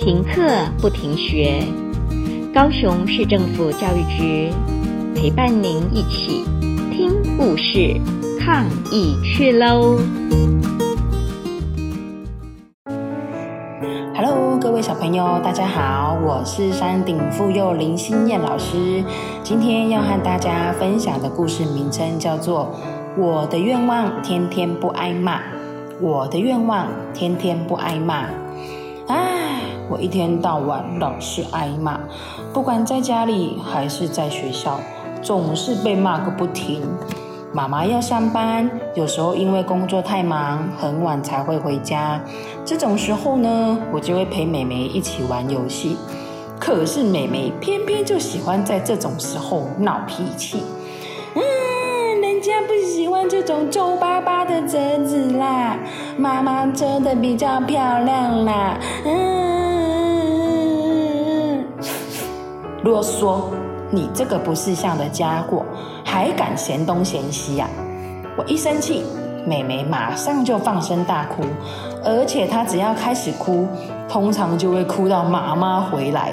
停課不停學，高雄市政府教育局陪伴您一起聽故事、抗疫趣嘍。Hello，各位小朋友，大家好，我是山頂附幼林芯嬿老師。今天要和大家分享的故事名稱叫做《我的願望天天不挨罵》，我的願望天天不挨罵，哎、啊。我一天到晚老是挨罵，不管在家裡還是在學校，總是被罵個不停。媽媽要上班，有時候因為工作太忙，很晚才會回家。這種時候呢，我就會陪妹妹一起玩遊戲。可是妹妹偏偏就喜歡在這種時候鬧脾氣。嗯，人家不喜歡這種皺巴巴的折紙啦，媽媽折的比較漂亮啦。嗯。如果說你這個不識相的家伙還敢嫌東嫌西呀、啊，我一生氣，妹妹馬上就放聲大哭，而且她只要開始哭，通常就會哭到媽媽回來，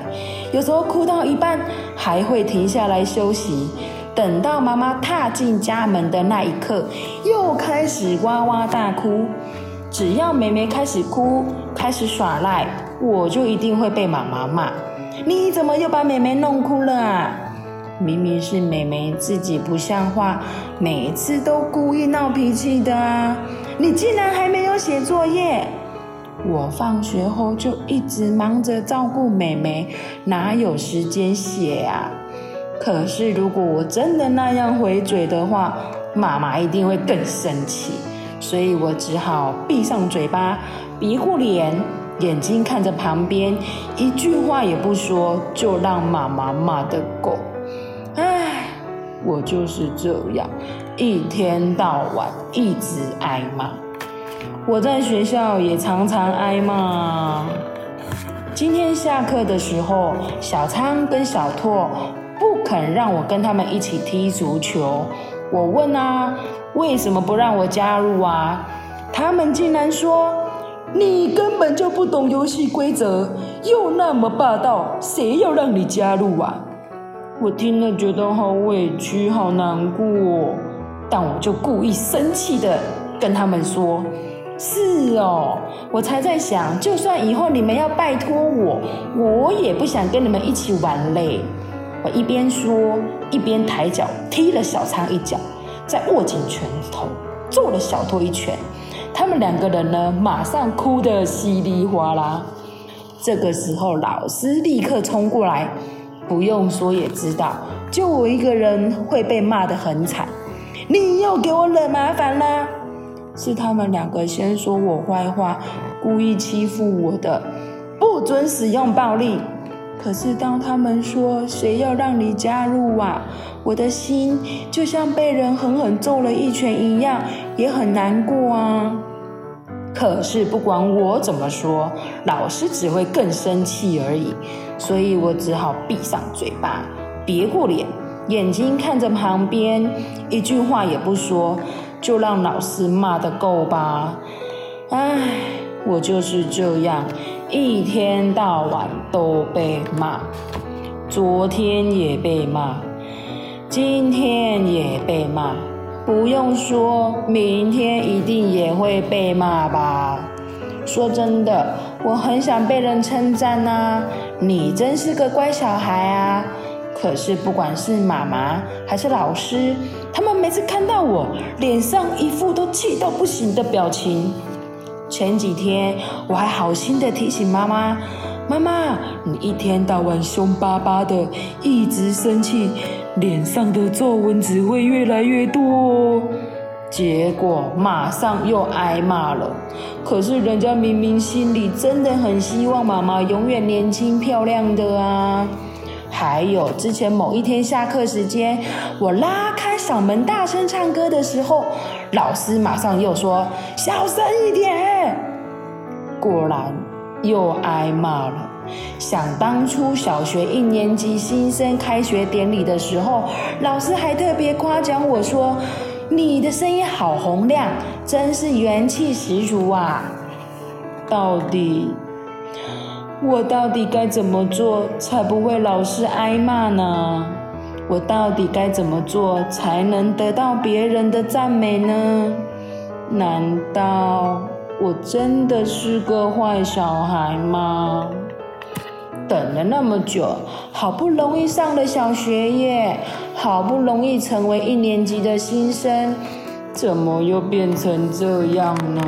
有時候哭到一半還會停下來休息，等到媽媽踏進家門的那一刻，又開始哇哇大哭。只要妹妹開始哭，開始耍賴，我就一定會被媽媽罵。你怎麼又把妹妹弄哭了啊？明明是妹妹自己不像話，每次都故意鬧脾氣的啊。你竟然還沒有寫作業？我放學後就一直忙着照顧妹妹，哪有時間寫啊？可是如果我真的那樣回嘴的話，媽媽一定會更生氣，所以我只好閉上嘴巴，別過臉。眼睛看着旁邊，一句話也不說，就讓媽媽罵得夠。唉，我就是這樣，一天到晚一直挨罵。我在學校也常常挨罵。今天下課的時候，小倉跟小拓不肯讓我跟他們一起踢足球。我問啊，為什麼不讓我加入啊？他們竟然說。你根本就不懂遊戲規則，又那麼霸道，誰要讓你加入啊？我聽了覺得好委屈，好難過哦，但我就故意生氣地跟他們說：“是哦，我才在想，就算以後你們要拜托我，我也不想跟你們一起玩嘞。”我一邊說，一邊抬腳踢了小倉一腳，再握緊拳頭揍了小托一拳。他們兩個人呢，馬上哭得稀里嘩啦。這個時候，老師立刻衝過來，不用說也知道，就我一個人會被罵得很慘。你又給我惹麻煩啦！是他們兩個先說我壞話，故意欺負我的，不准使用暴力。可是當他們說誰要讓你加入啊，我的心就像被人狠狠揍了一拳一樣，也很難過啊。可是不管我怎麼說，老師只會更生氣而已，所以我只好閉上嘴巴，別過臉，眼睛看着旁邊，一句話也不說，就讓老師罵個夠吧。唉，我就是這樣，一天到晚都被罵，昨天也被罵，今天也被罵。不用說，明天一定也會被罵吧。說真的，我很想被人稱讚吶、啊。你真是個乖小孩啊。可是不管是媽媽還是老師，他們每次看到我，臉上一副都氣到不行的表情。前幾天我還好心的提醒媽媽：“媽媽，你一天到晚凶巴巴的，一直生氣。”臉上的皺紋只會越來越多哦，結果馬上又挨罵了。可是人家明明心裡真的很希望媽媽永遠年輕漂亮的啊。還有之前某一天下課時間，我拉開嗓門大聲唱歌的時候，老師馬上又說小聲一點。果然。又挨罵了。想當初小學一年級新生開學典禮的時候，老師還特別誇獎我說：“你的聲音好洪亮，真是元氣十足啊！”到底我到底該怎麼做才不會老是挨罵呢？我到底該怎麼做才能得到別人的讚美呢？難道？我真的是個壞小孩嗎？等了那麼久，好不容易上了小學耶，好不容易成為一年級的新生，怎麼又變成這樣呢？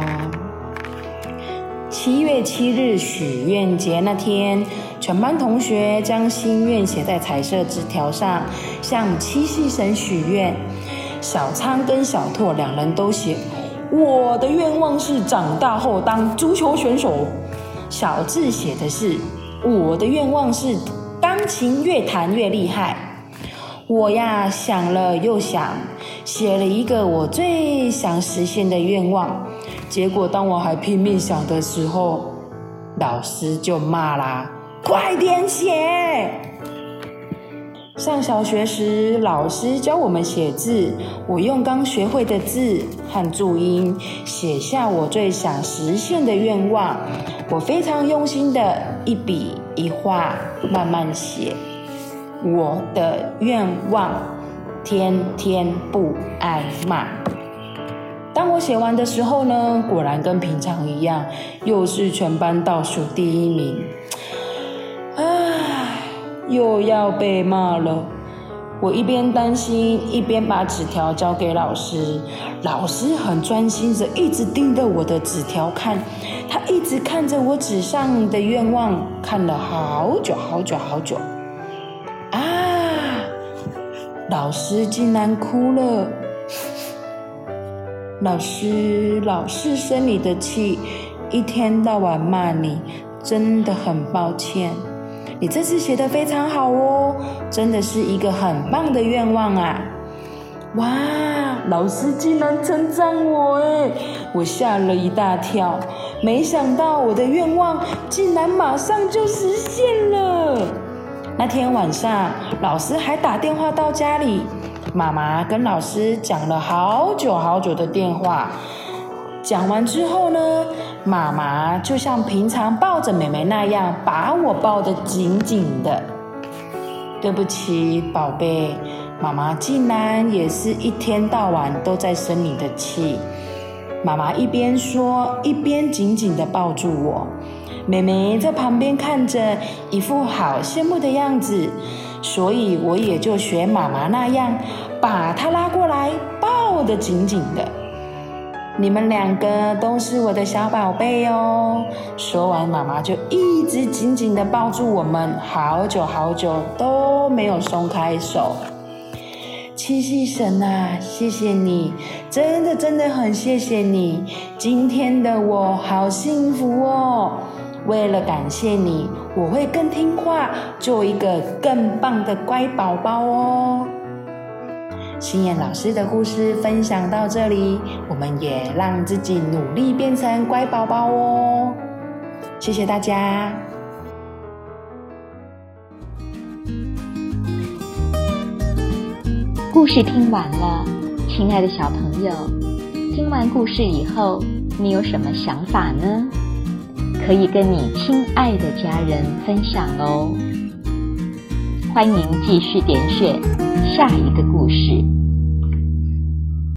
七月七日許願節那天，全班同學將心願寫在彩色紙條上，向七夕神許願。小倉跟小拓兩人都寫。我的願望是長大後當足球選手，小智寫的是我的願望是鋼琴越彈越厲害。我呀，想了又想，寫了一個我最想實現的願望。結果當我還拼命想的時候，老師就罵啦：“快點寫！”上小學時，老師教我們寫字。我用剛學會的字和注音寫下我最想實現的願望。我非常用心的一筆一畫，慢慢寫。我的願望，天天不挨罵。當我寫完的時候呢，果然跟平常一樣，又是全班倒數第一名。又要被罵了，我一邊擔心，一邊把紙條交給老師。老師很專心的，一直盯着我的紙條看，他一直看着我紙上的願望，看了好久好久好久。啊！老師竟然哭了。老師，老是生你的氣，一天到晚罵你，真的很抱歉。你這次寫的非常好哦，真的是一個很棒的願望啊！哇，老師竟然稱讚我欸，我嚇了一大跳，沒想到我的願望竟然馬上就實現了。那天晚上，老師還打電話到家裡，媽媽跟老師講了好久好久的電話。講完之後呢，媽媽就像平常抱着妹妹那樣，把我抱得緊緊的。對不起，寶貝，媽媽竟然也是一天到晚都在生你的氣。媽媽一邊說，一邊緊緊地抱住我。妹妹在旁邊看着，一副好羨慕的樣子，所以我也就學媽媽那樣，把她拉過來，抱得緊緊的。你們兩個都是我的小寶貝哦！說完，媽媽就一直緊緊地抱住我們，好久好久都沒有鬆開手。七夕神啊，謝謝你，真的真的很謝謝你！今天的我好幸福哦！為了感謝你，我會更聽話，做一個更棒的乖寶寶哦！芯嬿老師的故事分享到這裡，我們也讓自己努力變成乖寶寶哦。謝謝大家。故事聽完了，親愛的小朋友，聽完故事以後，你有什麼想法呢？可以跟你親愛的家人分享哦。歡迎繼續點選下一個故事。